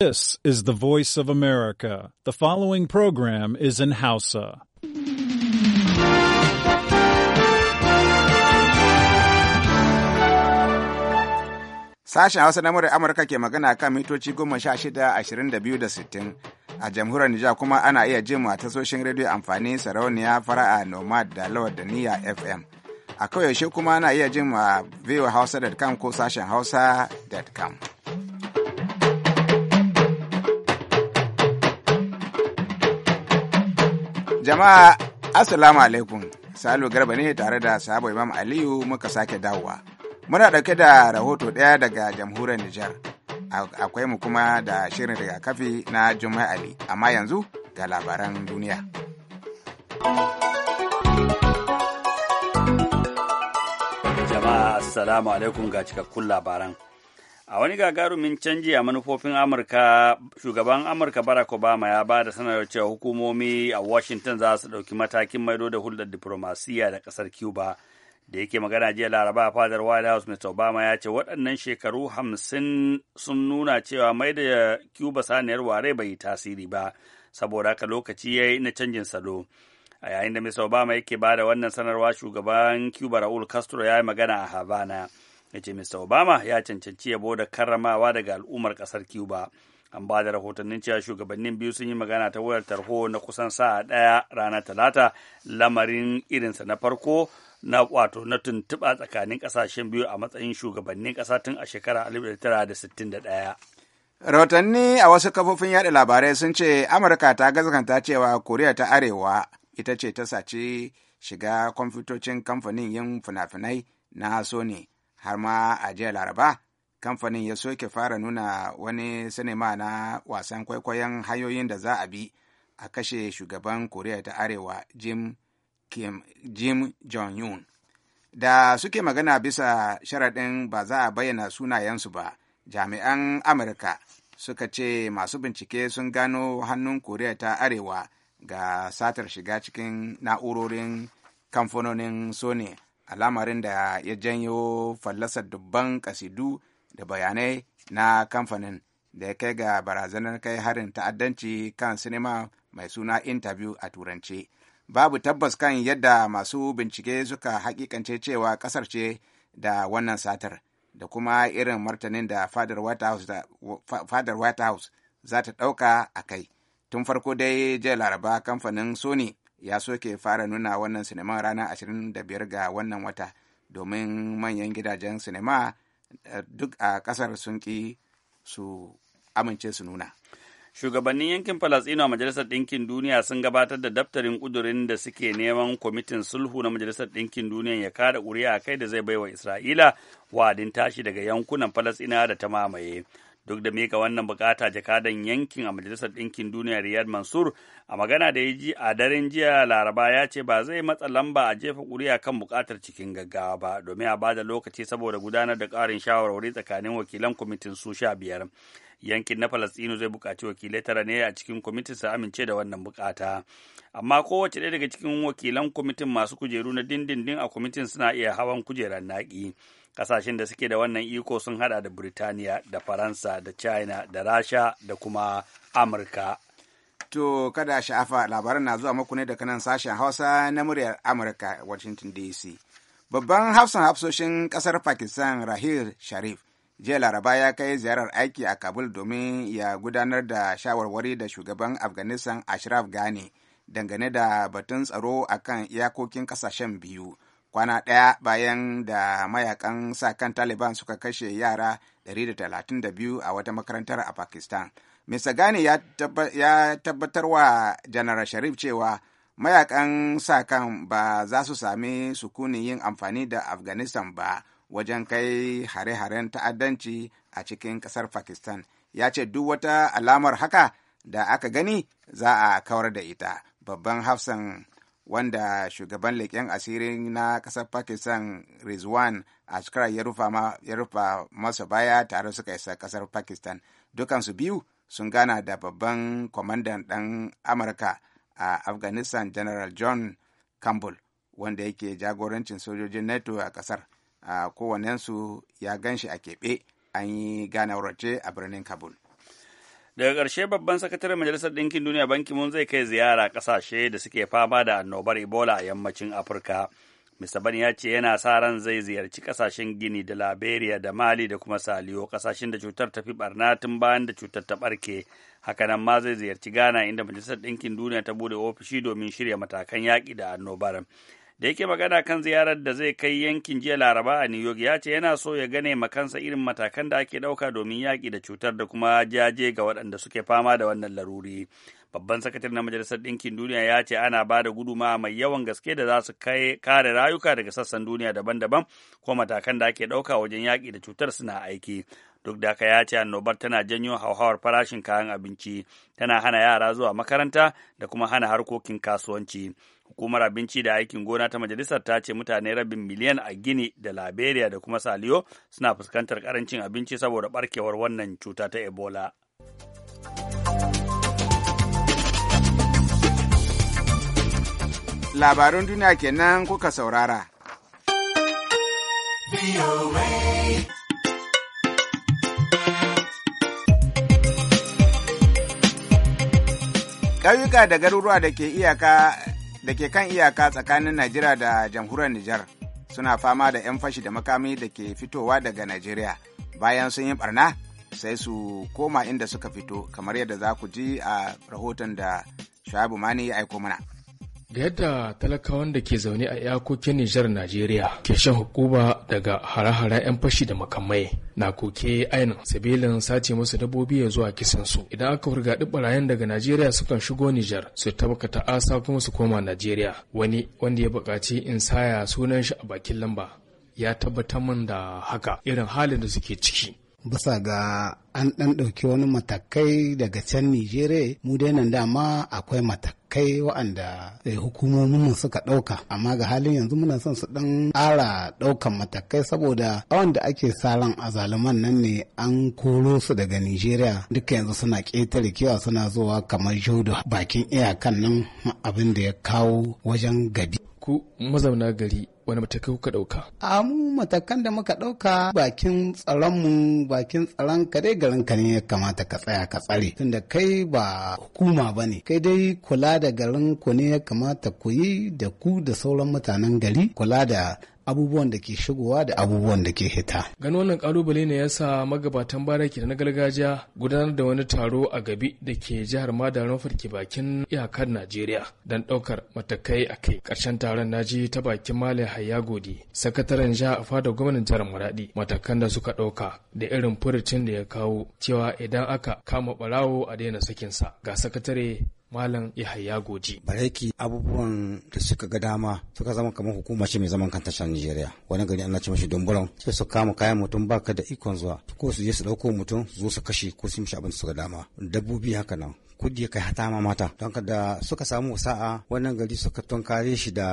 This is the voice of America. The following program is in Hausa. Sashen Hausa na murar Amurka ke magana kan mitoci goma sha shida, ashirin da biyu da sittin. A jamhuriyar Nijar kuma ana iya jin mu a tasoshin rediyo amfani sarauniya fara'a Nomad da Lawar da Niyya FM. A yaushe kuma ana iya jin mu a voahausa.com ko sashen hausa.com. Jama'a Assalamu alaikum. Salu Garba ne tare da Sabo Imam Aliyu muka sake dawowa. Muna ɗauke da rahoto ɗaya daga jamhuriyar Nijar. Akwai mu kuma da shirin rigakafi na Jummai Ali, amma yanzu ga labaran duniya. Jama'a Assalamu alaikum ga cikakkun labaran. a wani gagarumin canji a manufofin amurka shugaban amurka barack obama ya ba da sanarwar cewa hukumomi a washington za su ɗauki matakin maido da hulɗar diplomasiya da ƙasar cuba da yake magana jiya laraba a fadar white house mr obama ya ce waɗannan shekaru hamsin sun nuna cewa mai da cuba saniyar ware bai yi tasiri ba saboda haka lokaci ya yi na canjin salo a yayin da mr obama yake ba da wannan sanarwa shugaban cuba raul castro ya yi magana a havana ya ce mr obama ya cancanci yabo da karramawa daga al'ummar kasar cuba an ba da rahotannin cewa shugabannin biyu sun yi magana ta wayar tarho na kusan sa'a ɗaya rana talata lamarin irinsa na farko na wato na tuntuɓa tsakanin ƙasashen biyu a matsayin shugabannin ƙasa tun a shekara 1961 rahotanni a wasu kafofin yaɗa labarai sun ce amurka ta gazganta cewa koriya ta arewa ita ce ta saci shiga kwamfutocin kamfanin yin fina-finai na sony har ma a jiya laraba kamfanin ya soke fara nuna wani sinima na wasan kwaikwayon hanyoyin da za a bi a kashe shugaban koriya ta arewa jim, Kim, jim jong-un da suke magana bisa sharaɗin ba za a bayyana sunayensu ba jami'an amurka suka ce masu bincike sun gano hannun koriya ta arewa ga satar shiga cikin na'urorin kamfanonin sony al'amarin da ya janyo fallasar dubban kasidu da bayanai na kamfanin da ya kai ga barazanar kai harin ta'addanci kan sinima mai suna interview a turance babu tabbas kan yadda masu bincike suka hakikance cewa kasar ce da wannan satar da kuma irin martanin da fadar white house, za ta ɗauka a kai tun farko dai jiya laraba kamfanin sony ya soke fara nuna wannan sinima ranar 25 ga wannan wata domin manyan gidajen sinima eh, duk a kasar sun ki su amince su nuna. Shugabannin yankin Falasɗinu a Majalisar Ɗinkin Duniya sun gabatar da daftarin ƙudurin da suke neman kwamitin sulhu na Majalisar Ɗinkin Duniya ya kada ƙuri'a kai da zai baiwa Isra'ila wa'adin tashi daga yankunan Falasɗina da ta mamaye. duk da mika wannan bukata jakadan yankin a majalisar ɗinkin duniya riyad mansur a magana da ya ji a daren jiya laraba ya ce ba zai matsa lamba a jefa ƙuri'a kan bukatar cikin gaggawa ba domin a bada lokaci saboda gudanar da ƙarin shawarwari tsakanin wakilan kwamitin su sha biyar yankin na Falasɗinu zai bukaci wakilai tara ne a cikin kwamitin su amince da wannan bukata amma kowace ɗaya daga cikin wakilan kwamitin masu kujeru na dindindin a kwamitin suna iya hawan kujerar naƙi kasashen da suke da wannan iko sun hada da Burtaniya da Faransa da China da Rasha da kuma Amurka. To kada sha'afa labaran na zuwa muku ne daga nan sashen Hausa na muryar Amurka Washington DC. Babban hafsan hafsoshin kasar Pakistan Rahil Sharif jiya Laraba ya kai ziyarar aiki a Kabul domin ya gudanar da shawarwari da shugaban Afghanistan Ashraf Ghani dangane da batun tsaro akan iyakokin kasashen biyu. kwana ɗaya bayan da mayakan sa kan taliban suka kashe yara 132 a wata makarantar a pakistan mr gani ya tabbatar wa janar sharif cewa mayakan sa kan ba za su sami sukunin yin amfani da afghanistan ba wajen kai hare-haren ta'addanci a cikin ƙasar pakistan ya ce duk wata alamar haka da aka gani za a kawar da ita babban hafsan wanda shugaban leƙen asiri na ƙasar pakistan rizwan ashkar ya rufa masa baya tare suka isa ƙasar pakistan dukansu biyu sun gana da babban kwamandan ɗan amurka a afghanistan general john campbell wanda yake jagorancin sojojin nato a ƙasar kowannensu ya ganshi a keɓe an yi ganawarce a birnin kabul daga ƙarshe babban sakataren majalisar ɗinkin duniya banki mun zai kai ziyara ƙasashe da suke fama da annobar ebola a yammacin afirka mr bani ya ce yana sa ran zai ziyarci ƙasashen gini da liberia da mali da kuma saliyo ƙasashen da cutar ta fi barna tun bayan da cutar ta ɓarke hakanan ma zai ziyarci ghana inda majalisar ɗinkin duniya ta bude ofishi domin shirya matakan yaƙi da annobar da yake magana kan ziyarar da zai kai yankin jiya laraba a new york ya ce yana so ya gane makansa irin matakan da ake ɗauka domin yaƙi da cutar da kuma jaje ga waɗanda suke fama da wannan laruri babban sakatar na majalisar ɗinkin duniya ya ce ana ba da guduma mai yawan gaske da za su kare rayuka daga sassan duniya daban-daban ko matakan da ake ɗauka wajen yaƙi da cutar suna aiki duk da haka ya ce annobar tana janyo hauhawar farashin kayan abinci tana hana yara zuwa makaranta da kuma hana harkokin kasuwanci hukumar abinci da aikin gona ta majalisar ta ce mutane rabin miliyan a gini da laberiya da kuma saliyo suna fuskantar karancin abinci saboda barkewar wannan cuta ta ebola labarun duniya kenan kuka saurara ƙauyuka da garuruwa da ke iyaka da ke kan iyaka tsakanin Najeriya da jamhuriyar Nijar suna fama da 'yan fashi da makami da ke fitowa daga Najeriya bayan sun yi barna sai su koma inda suka fito kamar yadda za ku ji a rahoton da shabu Mani ya aiko mana. ga yadda talakawan da ke zaune a iyakokin Nijar Najeriya ke shan hukuma daga hare hare 'yan fashi da makamai na koke ainihin sabilin sace masu dabbobi ya zuwa kisan su idan aka hurgaɗi barayen daga Najeriya sukan shigo Nijar su ta Asa kuma su koma Najeriya wani wanda ya buƙaci in saya sunan shi a bakin lamba ya tabbatar min da haka irin halin da suke ciki bisa ga an ɗan ɗauki wani matakai daga can Nijeriya. mu dai nan dama akwai matakai matakai waɗanda eh, hukumominmu suka ɗauka amma ga halin yanzu muna son su ɗan ƙara ɗaukan matakai saboda awan da ake sa ran azaluman nan ne an koro su daga nigeria duka yanzu suna ƙetare kewa suna zuwa kamar jodo bakin iyakan nan abin da ya kawo wajen gabi ku mazauna gari wani matakai kuka ɗauka? A mu matakan da muka ɗauka bakin mu bakin tsaron ka dai garin ka ne ya kamata ka tsaya ka tsare. Tunda kai ba hukuma ba ne. Kai dai kula da garin ku ne ya kamata ku yi da ku da sauran mutanen gari kula da abubuwan da ke shigowa da abubuwan da ke hita. Gano wannan kalubale ne ya sa magabatan baraki da na gargajiya gudanar da wani taro a gabi da ke jihar Madarin farke bakin iyakar Najeriya don ɗaukar matakai a kai. Ƙarshen taron naji ta bakin Malam Hayya Godi, sakataren jiha a fadar gwamnan jihar Maradi, matakan da suka ɗauka da irin furucin da ya kawo cewa idan aka kama ɓarawo a daina sakinsa. Ga sakatare Malam Yahaya Goji. Bareki abubuwan da suka ga dama suka zama kamar hukuma ce mai zaman kanta shan Nigeria. Wani gari ana ce mashi dumburan sai su kama kayan mutum ba ka da ikon zuwa ko su je su ɗauko mutum su zo su kashe ko su mishi abin suka ga dama. Dabbobi haka nan kudi kai hatama mata don da suka samu sa'a wannan gari suka tunkare shi da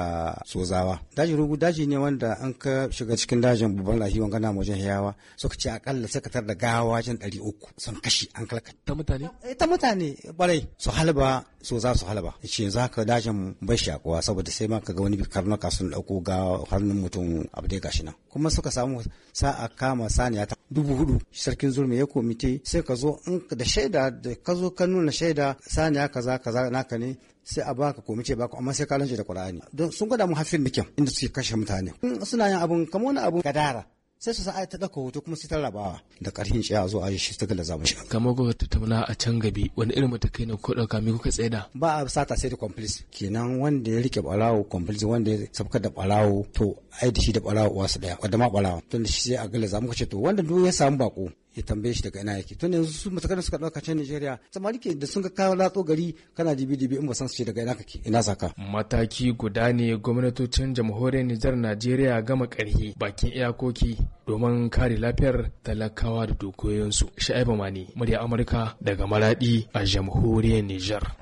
sozawa daji rugu daji ne wanda an ka shiga cikin dajin babban lahiyon na wajen hayawa suka ce akalla suka tar da gawa wajen ɗari uku sun kashi an kalka ta mutane eh, ta mutane barai su halba so za su halba ce za ka dajin bai shakuwa saboda sai ma ka ga wani karnuka sun ɗauko ga hannun mutum abu dai gashi nan kuma suka samu sa'a kama saniya ta dubu hudu sarkin zurmi ya komite sai ka zo da shaida da ka zo ka nuna shaida da saniya kaza kaza naka ne sai a baka ko ce baka amma sai ka lanje da Qur'ani don sun gwada mu hafin nikin inda suke kashe mutane suna yin abun kamar wani abun gadara sai su sa'a ta daka hoto kuma sai ta rabawa da karhin ciya zuwa aji shi ta zamu shi kamar ta tauna a can gabi wani irin kai ne ko dauka mi kuka tsaida ba a sata sai da complice kenan wanda ya rike barawo complice wanda ya sabka da barawo to ai da shi da barawo uwa su daya wanda ma barawo tunda shi sai a gala zamu kace to wanda duk ya samu bako ya tambaye shi daga ina yake tun yanzu su matakarin suka dauka can Nigeria samari ke da sun ga kawo latso gari kana dibi dibi in ba san su ce daga ina kake ina saka mataki guda ne gwamnatocin jamhuriyar Nijar Najeriya gama karhi bakin iyakoki domin kare lafiyar talakawa da dukiyoyinsu Sha'ibu Mani murya Amurka daga Maradi a jamhuriyar Nijar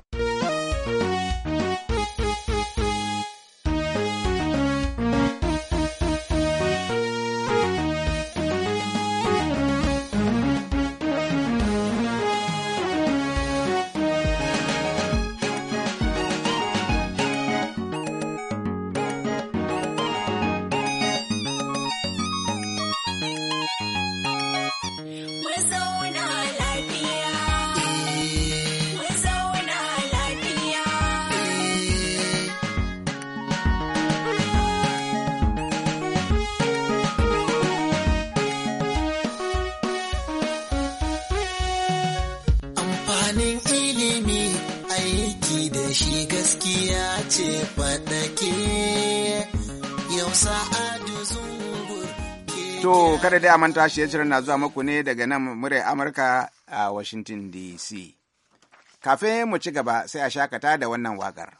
ce faɗake yau sa'adu zungur To kada dai a manta shi shirin na zuwa muku ne daga nan murai Amurka a Washington DC. Kafin mu ci gaba sai a shakata da wannan waƙar.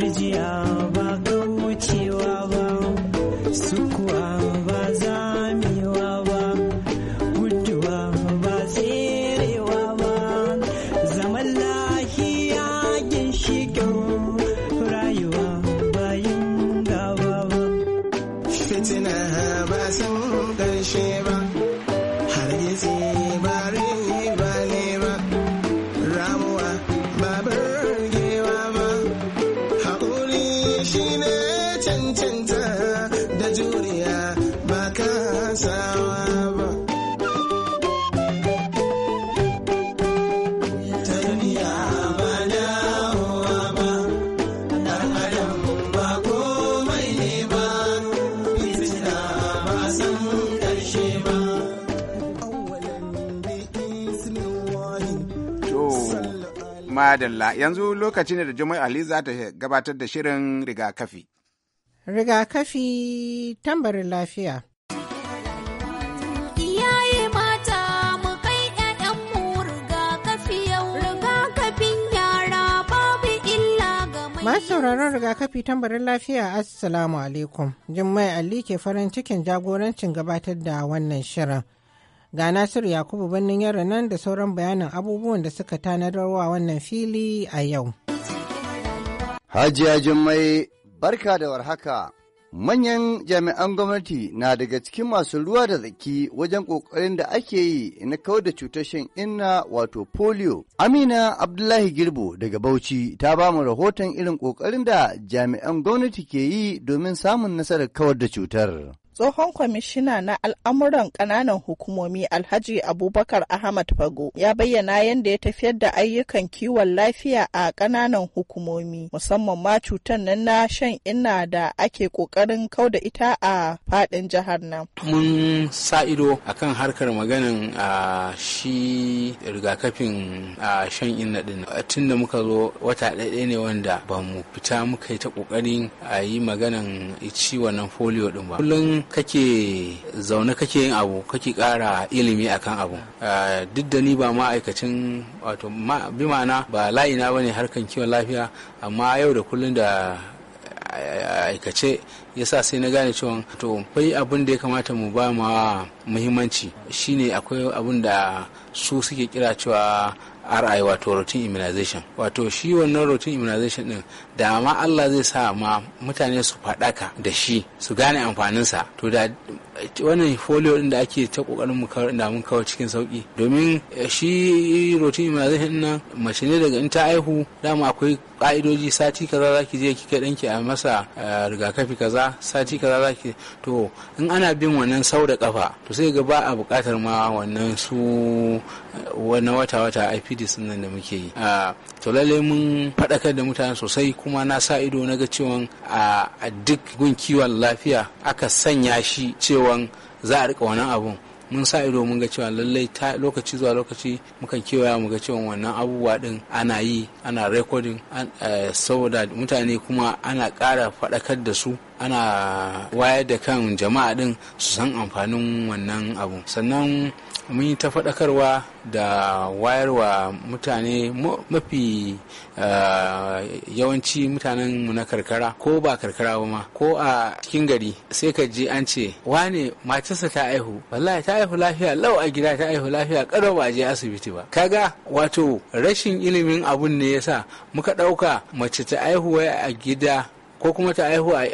turjiya ba ga wucewa ba su kuwa madalla, yanzu lokaci ne da Jummai Ali za ta gabatar da shirin rigakafi. Rigakafi tambarin lafiya. Masu sauraron rigakafi tambarin lafiya Assalamu alaikum. Jummai Ali ke farin cikin jagorancin gabatar da wannan shirin. ga Nasiru Yakubu birnin yara nan da sauran bayanin abubuwan da suka tanadarwa wannan fili a yau. Hajiya Jummai barka da warhaka. Manyan jami'an gwamnati na daga cikin masu ruwa da tsaki wajen ƙoƙarin da ake yi na kawar da cutar shan inna wato polio. Amina Abdullahi Girbo daga Bauchi ta ba mu rahoton irin ƙoƙarin da jami'an gwamnati ke yi domin samun nasarar kawar da cutar. tsohon kwamishina na al'amuran ƙananan hukumomi alhaji abubakar ahmad fago ya bayyana yadda ya tafiyar da ayyukan kiwon lafiya a ƙananan hukumomi musamman ma cutar nan na shan inna da ake ƙoƙarin da ita a faɗin jihar nan mun sa ido a kan harkar maganin a shi rigakafin a shan inna din tun da muka zo wata ɗaya ne wanda ba mu fita muka yi ta ƙoƙarin a yi maganan ciwon nan polio din ba kullum kake zaune kake yin abu kake kara ilimi akan abu duk da ni ba ma'aikacin wato bi ma'ana ba layina bane harkan kiwon lafiya amma yau da kullum da aikace ya sa sai na gane cewa to akwai abin da ya kamata mu ba ma muhimmanci shine akwai abin da su suke kira cewa RI wato routine immunization wato shi wannan routine immunization din da ma Allah zai sa ma mutane su faɗaka da shi su gane amfaninsa to da wannan folio din da ake ta kokarin mu da mun kawo cikin sauki domin eh, shi rotin zai nan mace ne daga in ta aihu dama akwai ka'idoji sati kaza ki je ki kai danki a masa eh, rigakafi kaza sati kaza ki to in ana bin wannan sau da kafa to sai ga ba a bukatar ma wannan su eh, wani wata wata IPD nan da muke yi ah, to lallai mun faɗakar da mutane sosai kuma na sa ido na ga cewa a duk gun kiwon lafiya aka sanya shi cewa za a rika wannan abun mun sa ido mun ga cewa lallai ta lokaci zuwa lokaci mukan kewaya mu ga cewa wannan abubuwa din ana yi ana recording eh, saboda mutane kuma ana ƙara faɗakar da su ana wayar da kan jama'a din su san amfanin wannan abu sannan mun yi ta faɗakarwa da wayarwa mutane mafi eh, yawanci mutanen mu na karkara ko ba karkara ba ma ko a cikin gari sai ka ji an ce wane matarsa ta aihu wallahi ta aihu lafiya lau a gida ta aihu lafiya kada ba je asibiti ba kaga wato rashin ilimin abun ne yasa muka ɗauka mace ta aihu a gida ko kuma ta aihu a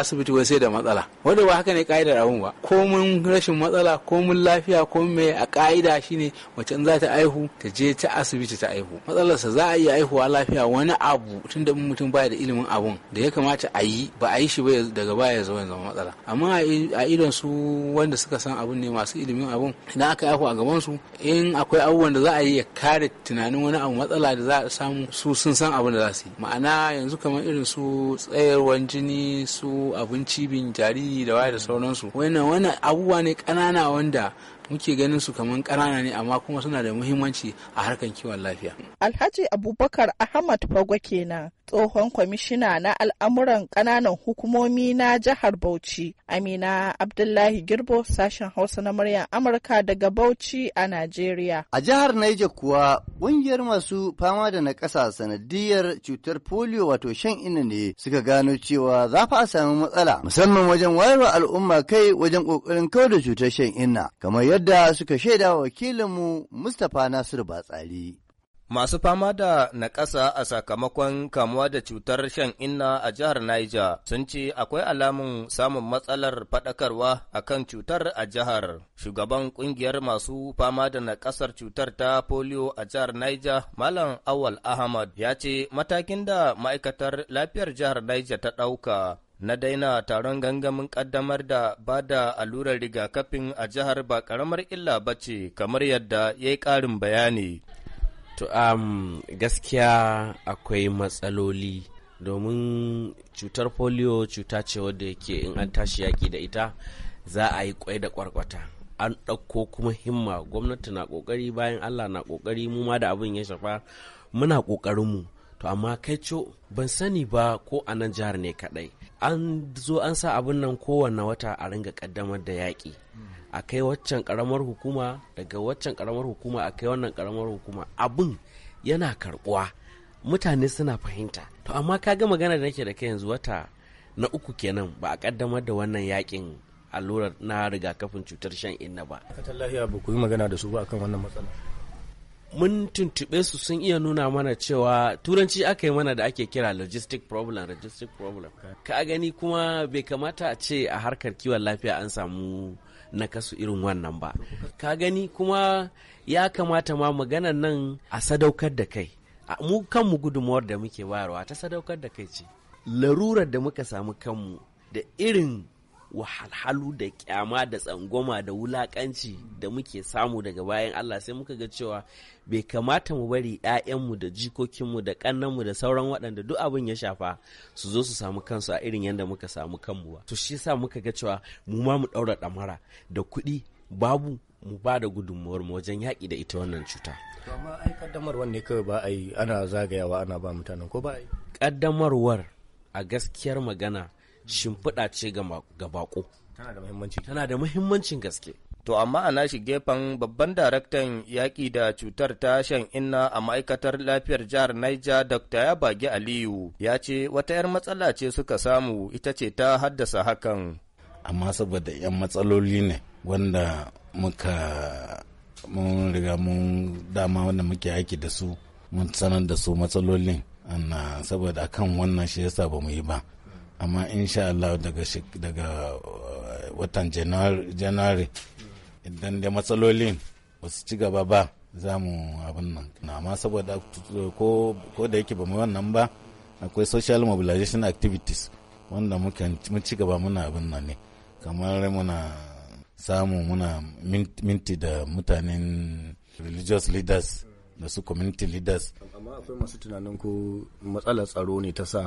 asibiti wai sai da matsala wanda ba haka ne ka'idar abun ba ko mun rashin matsala ko mun lafiya ko me a ka'ida shine wacce in za ta aihu ta je ta asibiti ta aihu matsalar sa za a iya aihuwa lafiya wani abu tunda mutum baya da ilimin abun da ya kamata a yi ba a yi shi ba daga baya ya zama matsala amma a idon su wanda suka san abun ne masu ilimin abun idan aka aihu a gaban su in akwai abubuwan da za a yi ya kare tunanin wani abu matsala da za a samu su sun san abun da za su yi ma'ana yanzu kamar irin su tsaye sayarwar jini su abinci bin jariri da waye da sauransu wannan wannan abubuwa ne ƙanana wanda muke ganin su kamar ƙanana ne amma kuma suna da muhimmanci a harkar kiwon lafiya. Alhaji Abubakar Ahmad Fagwa kenan tsohon kwamishina na al'amuran ƙananan hukumomi na jihar Bauchi, Amina Abdullahi Girbo, sashen Hausa na muryar Amurka daga Bauchi a Najeriya. A jihar Niger kuwa ƙungiyar masu fama da na ƙasa sanadiyar cutar polio wato shan ina ne suka gano cewa za fa a sami matsala musamman wajen wayarwa al'umma kai wajen ƙoƙarin kau da cutar shan ina, kamar yadda suka shaida wakilinmu Mustapha Nasiru Batsari. Masu fama da naƙasa a sakamakon kamuwa da cutar shan inna a jihar Niger sun ce akwai alamun samun matsalar faɗakarwa a kan cutar a jihar. Shugaban ƙungiyar masu fama da naƙasar cutar ta polio a jihar Niger, Malam Awal Ahmad, ya ce matakin da ma'aikatar lafiyar jihar Niger ta ɗauka na daina taron gangamin ƙaddamar da ba da allurar rigakafin a jihar ba ƙaramar illa ba ce kamar yadda ya yi ƙarin bayani. To um, gaskiya akwai matsaloli domin cutar polio cuta ce wadda yake in an tashi yaki da ita za a yi kwai da kwarkwata. An ɗauko kuma himma gwamnati na ƙoƙari bayan Allah na ƙoƙari mu ma da abin ya shafa muna ƙoƙarinmu. To amma kai ban sani ba ko a nan jihar ne kaɗai. An zo an sa abin nan kowane wata a ringa ƙaddamar da yaƙi. a kai waccan karamar hukuma daga waccan karamar hukuma a kai wannan karamar hukuma abin yana karbuwa mutane suna fahimta to amma ka ga magana da nake da kai yanzu wata na uku kenan ba a kaddamar da wannan yakin allurar na rigakafin cutar shan inna ba. Tallahi abu ku yi magana da su ba akan wannan matsala. Mun tuntuɓe su sun iya nuna mana cewa turanci aka yi mana da ake kira logistic problem logistic problem. Ka gani kuma bai kamata a ce a harkar kiwon lafiya an samu na kasu irin wannan ba ka gani kuma ya kamata ma maganan nan a sadaukar da kai mu kanmu gudunmawar da muke bayarwa ta sadaukar da kai ce larurar da muka samu kanmu da irin wahalhalu da kyama da tsangwama da wulakanci da muke samu daga bayan Allah sai muka ga cewa bai kamata mu bari 'ya'yanmu da jikokinmu da ƙannanmu da sauran waɗanda duk abin ya shafa su zo su samu kansu a irin yadda muka samu kanmu ba to shi sa muka ga cewa mu ma mu ɗaura ɗamara da kuɗi babu mu ba da gudunmuwar mu wajen yaƙi da ita wannan cuta. amma ai ne kawai ba a yi ana zagayawa ana ba mutanen ko ba a kaddamarwar a gaskiyar magana shimfiɗa ce ga bako tana da muhimmancin gaske to amma a nashi gefen babban daraktan yaƙi da cutar ta shan inna a ma'aikatar lafiyar jihar Naija Dr. Yabagi Aliyu ya ce wata 'yar matsala ce suka samu ita ce ta haddasa hakan. Amma saboda 'yan matsaloli ne wanda muka mun riga mun dama wanda muke yaki da su mun sanar da su matsalolin saboda kan wannan shi yasa ba mu yi ba amma insha Allah daga daga eh, watan janari idan da matsalolin ba su ci gaba ba za mu abin nan na amma saboda ko da yake ba mu wannan ba akwai social mobilization activities wanda mu ci gaba muna abin nan ne kamar muna samu muna minti da mutanen religious leaders da su community leaders amma akwai masu tunanin ko matsalar tsaro ne ta sa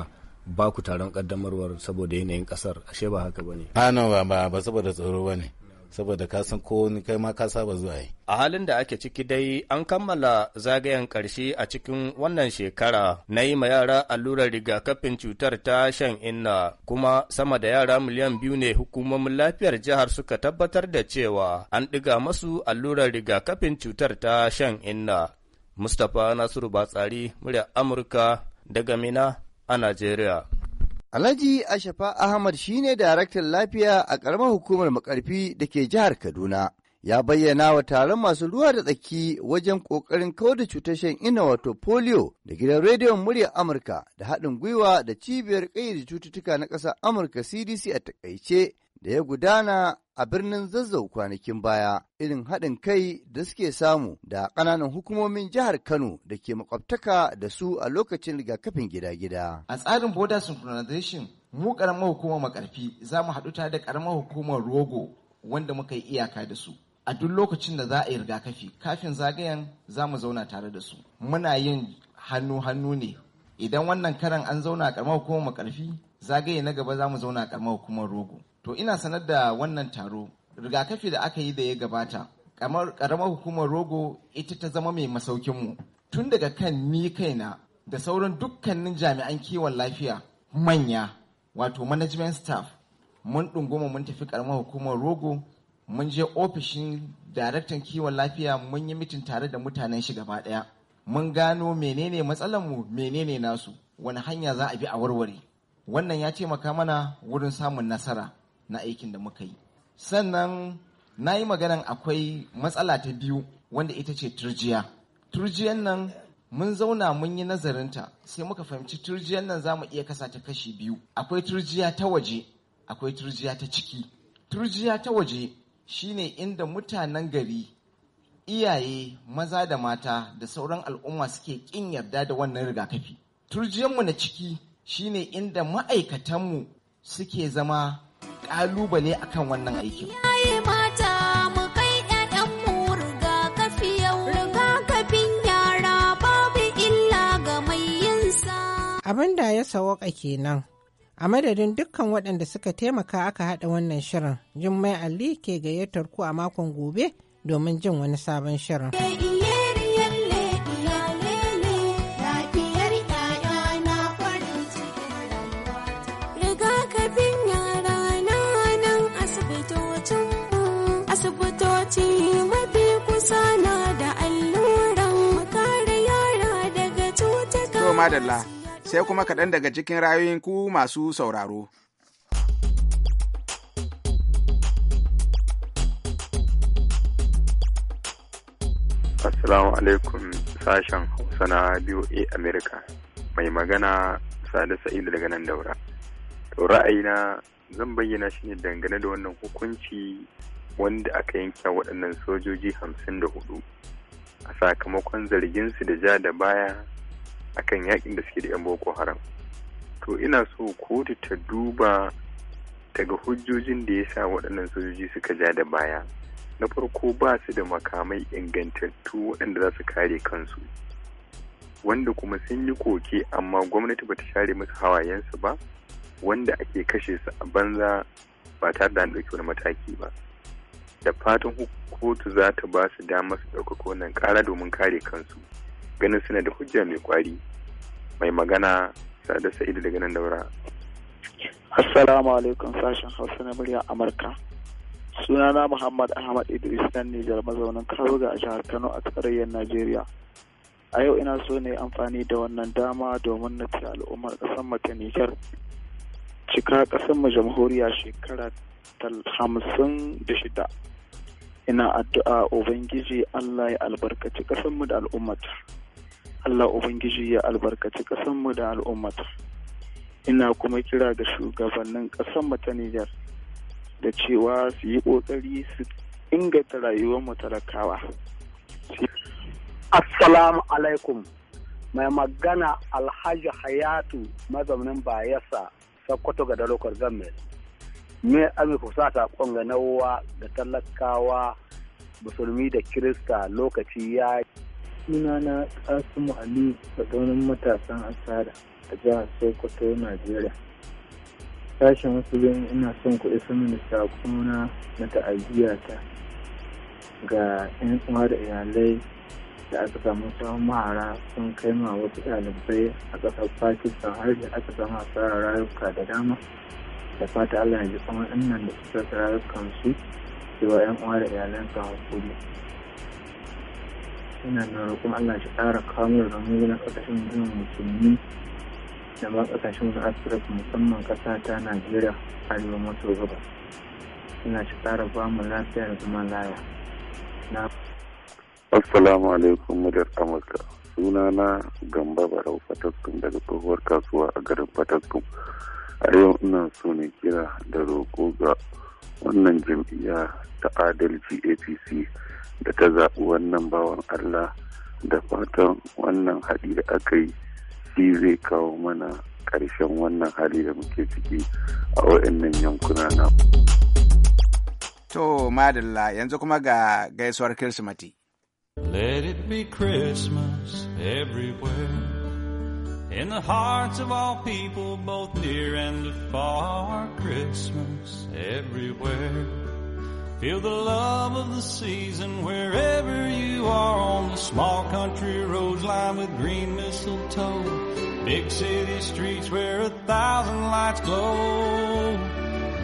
ba ku taron kaddamarwar saboda yanayin kasar ashe ba haka bane a ah, no ba ba saboda tsoro bane saboda ka san ko ni kai ma ka saba zuwa yi a halin da ake ciki dai an kammala zagayen karshe a cikin wannan shekara na yi ma yara allurar rigakafin cutar ta shan inna kuma sama da yara miliyan biyu ne hukumomin lafiyar jihar suka tabbatar da cewa an diga masu allurar rigakafin cutar ta shan inna mustapha nasiru batsari murya amurka daga mina a Najeriya. Alhaji Ashafa Ahmad shine daraktan lafiya a ƙaramar hukumar makarfi da ke jihar Kaduna. Ya bayyana wa taron masu ruwa da tsaki wajen ƙoƙarin kawar da cutar shan ina wato polio da gidan rediyon muryar Amurka da haɗin gwiwa da cibiyar ƙayyade cututtuka na ƙasar Amurka CDC a takaice da ya gudana a birnin zazzau kwanakin baya irin haɗin kai da suke samu da ƙananan hukumomin jihar Kano da ke makwabtaka da su a lokacin rigakafin gida-gida. A tsarin border synchronization mu ƙaramar hukumar makarfi za mu haɗu tare da ƙaramar hukumar rogo wanda muka yi iyaka da su. A duk lokacin da za a yi rigakafi kafin zagayen za mu zauna tare da su. Muna yin hannu-hannu ne idan wannan karan an zauna a ƙaramar hukumar makarfi zagaye na gaba za mu zauna a ƙaramar hukumar rogo. To ina sanar da wannan taro rigakafi da aka yi da ya gabata kamar karamar hukumar rogo ita ta zama mai masaukinmu tun daga kan ni kaina da sauran dukkanin jami'an kiwon lafiya manya wato management staff mun ɗunguma mun tafi karamar hukumar rogo mun je ofishin daraktan kiwon lafiya mun yi mitin tare da mutanen shi gaba ɗaya mun gano menene mu menene nasu wani hanya za a bi a warware wannan ya taimaka mana wurin samun nasara na aikin da muka yi sannan na yi maganan akwai matsala ta biyu wanda ita ce turjiya turjiyan nan mun zauna mun yi nazarinta sai muka fahimci turjiyan nan za mu iya kasa ta kashi biyu akwai turjiya ta waje akwai turjiya ta ciki turjiya ta waje shine inda mutanen gari iyaye maza da mata da sauran al'umma suke ƙin yarda da wannan rigakafi turjiyanmu na ciki shine inda ma'aikatanmu suke zama kalubale akan wannan aikin. Abin da ya sawaka kenan. A madadin dukkan waɗanda suka taimaka aka haɗa wannan shirin, Jummai Ali ke gayyatar ku a makon gobe domin jin wani sabon shirin. madalla sai kuma kaɗan daga cikin rayoyin ku masu sauraro. Assalamu alaikum sashen Hausa na BOA Amerika, mai magana Sale Sa'idu daga nan daura. To ra'ayina zan bayyana shi ne dangane da wannan hukunci wanda aka yanke waɗannan sojoji hamsin da hudu a sakamakon zarginsu da ja da baya akan yakin da suke da 'yan boko haram to ina so kotu ta duba daga hujjojin da ya sa waɗannan sojoji suka ja da baya na farko ba su da makamai ingantattu waɗanda za su kare kansu wanda kuma sun yi koke amma gwamnati ba ta share musu hawayensu ba wanda ake kashe su a banza ba tare da an ɗauki wani mataki ba da fatan kotu za ta ba su dama su ɗaukaka wannan ƙara domin kare kansu ganin suna da hujja mai kwari mai magana sada sa'idu daga nan daura assalamu alaikum sashen hausa na murya amurka sunana muhammad ahmad idris dan nijar mazaunin karuga a jihar kano a tsarayyar najeriya a yau ina so ne amfani da wannan dama domin na ci al'ummar ƙasar mu nijar cika ƙasar mu jamhuriya shekara hamsin da shida ina addu'a ubangiji allah ya albarkaci ƙasar mu da al'ummata Allah Ubangiji ya albarkaci ƙasanmu da al'ummata. Ina kuma kira ga shugabannin ƙasanmu ta Nijar da cewa su yi ƙoƙari su inganta rayuwarmu talakawa. Assalamu alaikum. Mai magana Alhaji Hayatu mazaunin Bayelsa, Sokoto ga dalokar Zammel. Me amiku sa ta ga nawa da talakawa musulmi da Kirista lokaci ya yi. sunana kasimu aliyu tsakanin matasan asada a jihar sokoto najeriya sashen musulun ina son ku isa mini sakona na ta'aziyyata ga 'yan uwa da iyalai da aka samu tsawon mahara sun kai ma wasu ɗalibai a ƙasar pakistan har da aka samu asarar rayuka da dama da fata allah ya ji tsawon nan da suka rayukansu cewa 'yan uwa da iyalan sa hakuri ina na roƙon Allah shi ƙara kawo da da na ƙasashen mutumin musulmi da ma ƙasashen na Afirka musamman ƙasa ta Najeriya arewa maso gaba. Ina shi ƙara ba mu lafiya da zama laya. Na Assalamu alaikum mudar Amurka. suna na Gamba Barau fatakun daga tsohuwar kasuwa a garin fatakun A yau ina so ne kira da roƙo ga wannan jam'iyya ta adalci apc da ta zaɓi wannan bawan allah da fatan wannan haɗi da aka yi shi zai kawo mana ƙarshen wannan hali da muke ciki a wa'annan yankuna na to madalla yanzu kuma ga gaisuwar kirsimati let it be christmas everywhere in the hearts of all people, both near and afar. Christmas everywhere. Feel the love of the season wherever you are on the small country roads lined with green mistletoe. Big city streets where a thousand lights glow.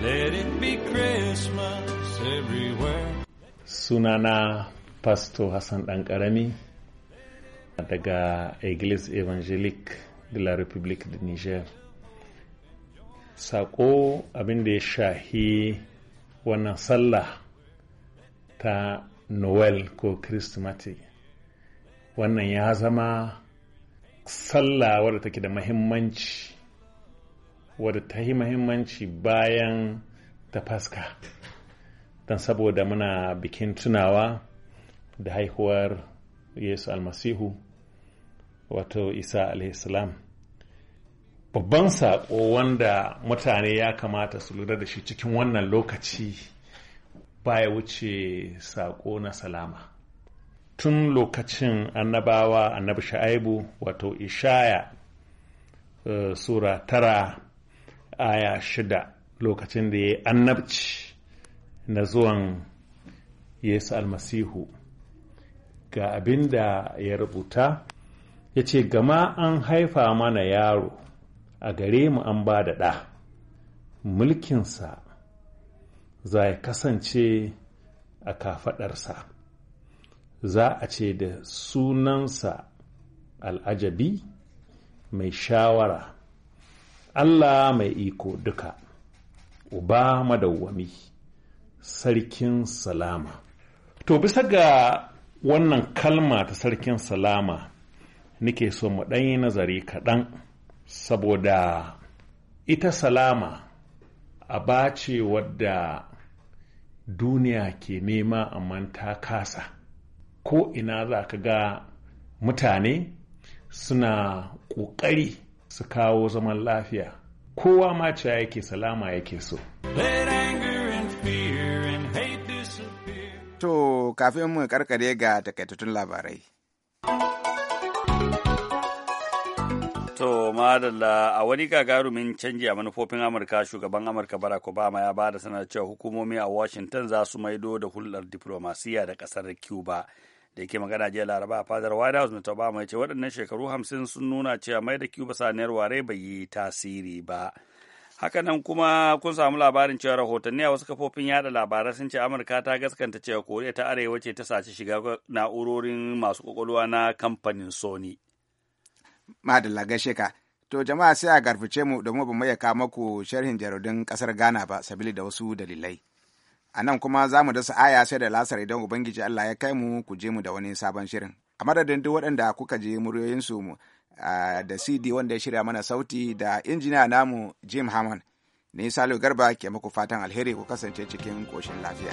Let it be Christmas everywhere. Sunana Pastor Hassan Dankarami daga Iglis Evangelique de la republique de niger saƙo abin da ya shahi wannan sallah ta noel ko christmati wannan ya zama sallah wadda take da mahimmanci wadda ta yi mahimmanci bayan ta faska don saboda muna bikin tunawa da haihuwar yesu almasihu wato isa alaihissalam babban saƙo wanda mutane ya kamata su lura da shi cikin wannan lokaci baya wuce saƙo na salama tun lokacin annabawa annabi sha'aibu wato ishaya uh, sura tara aya shida lokacin da ya yi annabci na zuwan yesu almasihu ga abin da ya rubuta ya ce gama an haifa mana yaro a gare mu an ba da ɗa mulkinsa za ya kasance a kafaɗarsa za a ce da sunansa al'ajabi mai shawara Allah mai iko duka uba madawwami sarkin salama to bisa ga wannan kalma ta sarkin salama nake so mu ɗan yi nazari kaɗan saboda ita salama a ce wadda duniya ke nema amma ta kasa ko ina za ka ga mutane suna ƙoƙari su kawo zaman lafiya kowa ma cewa yake salama yake so To, kafin mu karkare ga takaitattun labarai. To, madalla a wani gagarumin canji a manufofin Amurka, shugaban Amurka Barack Obama ya bada sanar cewa hukumomi a Washington za su maido da hulɗar diplomasiya da ƙasar Cuba. Da yake magana jiya Laraba a fadar White House, Mr. Obama ya ce waɗannan shekaru hamsin sun nuna cewa mai da Cuba saniyar ware bai yi tasiri ba. haka nan kuma kun samu labarin cewa rahotanni a wasu kafofin yada labarai sun ce Amurka ta gaskanta cewa Koriya ta Arewa ce ta saci shiga na'urorin masu kwakwalwa na kamfanin Sony. Madalla gaishe ka. To jama'a sai a garfice mu domin ba mu iya kawo maku sharhin jaridun kasar Ghana ba sabili da wasu dalilai. A nan kuma za mu dasa aya sai da lasar idan Ubangiji Allah ya kai mu ku je mu da wani sabon shirin. A madadin duk waɗanda kuka je muryoyinsu mu da CD wanda ya shirya mana sauti da injiniya namu Jim Hammond. Ni Salo Garba ke muku fatan alheri ku kasance cikin koshin lafiya.